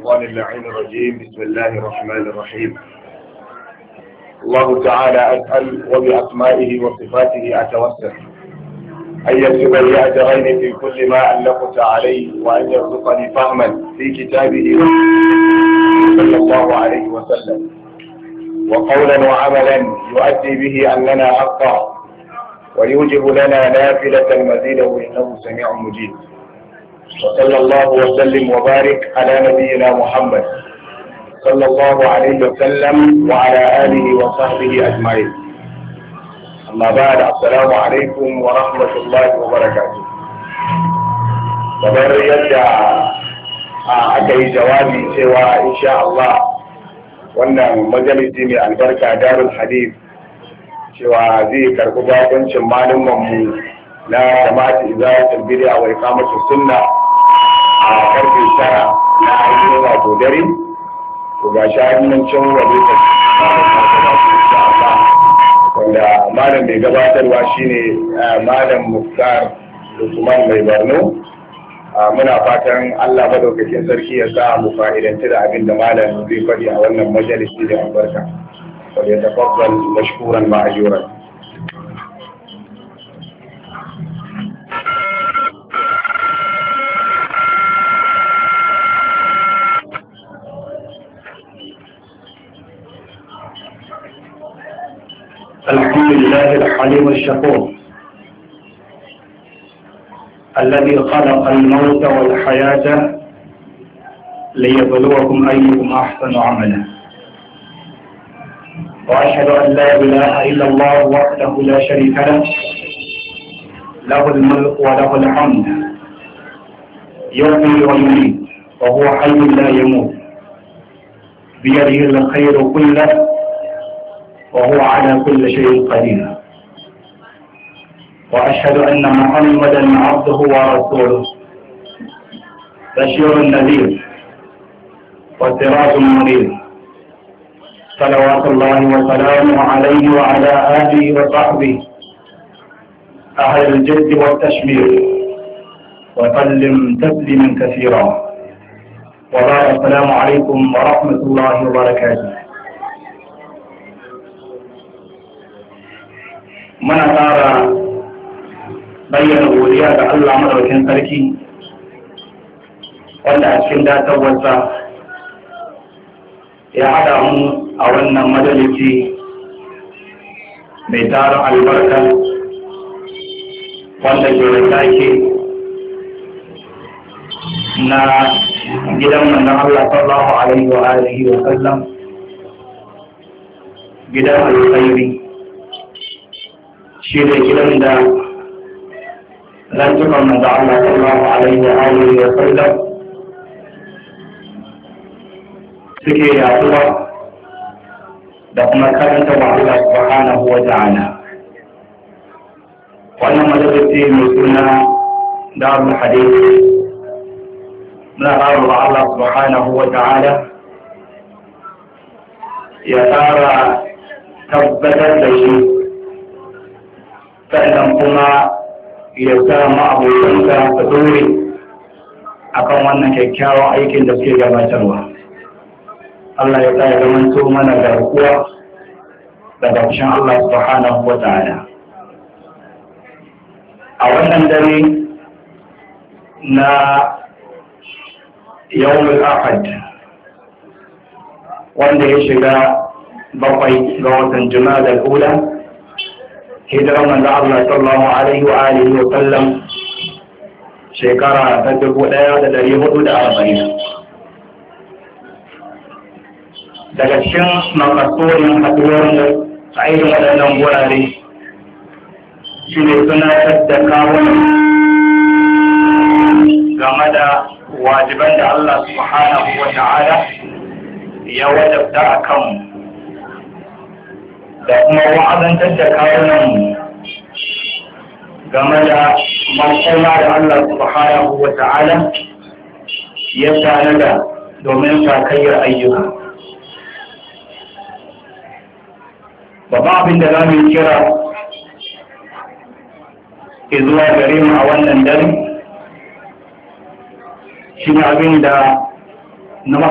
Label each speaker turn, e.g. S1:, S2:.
S1: الشيطان اللعين الرجيم بسم الله الرحمن الرحيم الله تعالى أسأل وبأسمائه وصفاته أتوسل أن يكتب لي أجرين في كل ما ألفت عليه وأن يرزقني فهما في كتابه صلى الله عليه وسلم وقولا وعملا يؤدي به أننا أقطع ويوجب لنا نافلة مزيدا إنه سميع مجيب وصلى الله وسلم وبارك على نبينا محمد صلى الله عليه وسلم وعلى آله وصحبه أجمعين أما بعد السلام عليكم ورحمة الله وبركاته kamar yadda aka yi jawabi cewa insha Allah wannan majalisi mai albarka darul hadith cewa zai karbi bakuncin malumanmu na jama'at izatul bid'a wa iqamatus sunnah a karfe tara na aiki wato dare to ga shi hannun can waje wanda malam mai gabatarwa shine eh, malam muftar lukman mai barno ah, muna fatan Allah madaukakin sarki ya sa mu fa'idanci da abin da malam zai faɗi a wannan majalisi da albarka. Wal yatafaddal mashkuran ma'ajuran. الحمد لله الحليم الشكور الذي خلق الموت والحياة ليبلوكم أيكم أحسن عملا وأشهد أن لا إله إلا الله وحده لا شريك له له الملك وله الحمد يؤمن ويميت وهو حي لا يموت بيده الخير كله وهو على كل شيء قدير وأشهد أن محمدا عبده ورسوله بشير نذير وسراج منير صلوات الله وسلامه عليه وعلى آله وصحبه أهل الجد والتشمير وسلم تسليما كثيرا وبعد السلام عليكم ورحمة الله وبركاته mana tsara bayyana godiya ga Allah madaukin sarki wanda a cikin datarwarsa ya haɗa mu a wannan majalisi mai taron albarka wanda ke take na gidan manzon Allah sallallahu alaihi wa alihi wa sallam gidan alkhairi shi da gidan da lantukan manzo Allah sallallahu alaihi wa alihi wa sallam suke yaduwa da kuma karanta wa Allah subhanahu wa ta'ala wannan majalisi mai suna da hadisi muna ƙara wa Allah subhanahu wa ta'ala ya ƙara tabbatar da shi sannan kuma ya sa ma'abokansa su dore akan wannan kyakkyawan aikin da suke gabatarwa Allah ya sa ya zamanto mana garkuwa daga fushin Allah subhanahu wa ta'ala a wannan dare na yawon ahad wanda ya shiga bakwai ga watan jima'a da kula hijirar manzo Allah sallallahu alaihi wa alihi wa sallam shekara ta dubu ɗaya da ɗari hudu da arba'in daga cikin makasurin haɗuwar mu a irin waɗannan wurare shi ne tunatar da kawunan game da wajiban da Allah subhanahu wa ta'ala ya wajabta a kanmu da kuma wa'azantar da kawunan game da makoma da Allah subhanahu wa ta'ala ya da domin sakayyar ayyuka. Babban abin da za mu yi kira zuwa gare mu a wannan dare shi abin da